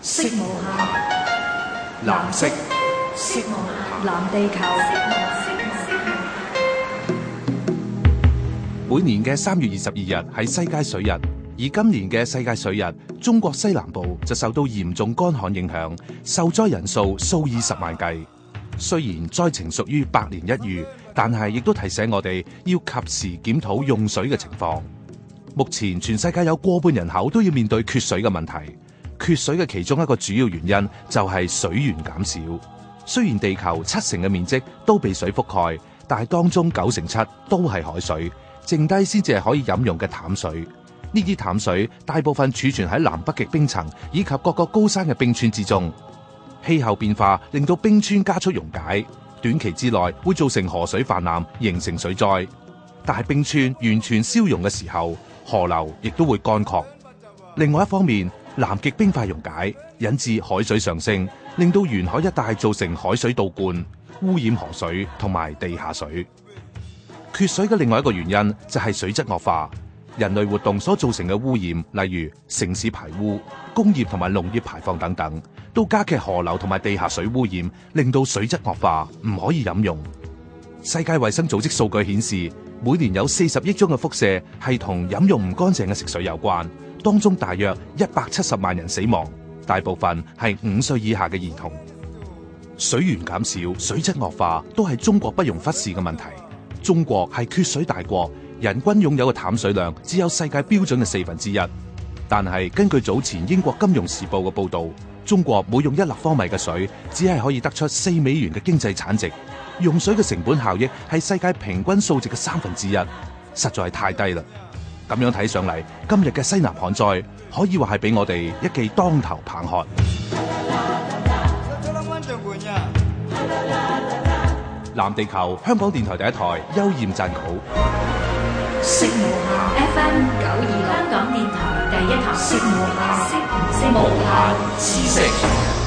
色母下藍色。藍色無限，色母下藍地球。每年嘅三月二十二日係世界水日，而今年嘅世界水日，中國西南部就受到嚴重乾旱影響，受災人數數以十萬計。雖然災情屬於百年一遇，但係亦都提醒我哋要及時檢討用水嘅情況。目前全世界有過半人口都要面對缺水嘅問題。缺水嘅其中一個主要原因就係水源減少。雖然地球七成嘅面積都被水覆蓋，但係當中九成七都係海水，剩低先至係可以飲用嘅淡水。呢啲淡水大部分儲存喺南北極冰層以及各個高山嘅冰川之中。氣候變化令到冰川加速溶解，短期之內會造成河水氾濫，形成水災。但係冰川完全消融嘅時候，河流亦都會乾涸。另外一方面，南極冰塊溶解，引致海水上升，令到沿海一帶造成海水倒灌，污染河水同埋地下水。缺水嘅另外一個原因就係水質惡化，人類活動所造成嘅污染，例如城市排污、工業同埋農業排放等等，都加劇河流同埋地下水污染，令到水質惡化，唔可以飲用。世界衛生組織數據顯示，每年有四十億宗嘅腹瀉係同飲用唔乾淨嘅食水有關。當中大約一百七十萬人死亡，大部分係五歲以下嘅兒童。水源減少、水質惡化都係中國不容忽視嘅問題。中國係缺水大國，人均擁有嘅淡水量只有世界標準嘅四分之一。但係根據早前英國金融時報嘅報道，中國每用一立方米嘅水，只係可以得出四美元嘅經濟產值，用水嘅成本效益係世界平均數值嘅三分之一，實在係太低了。咁樣睇上嚟，今日嘅西南旱災可以話係俾我哋一記當頭棒喝。藍地球香港電台第一台，邱焱撰稿。色無限 FM 九二六，香港電台第一台，色無限，色無色無限，知識色。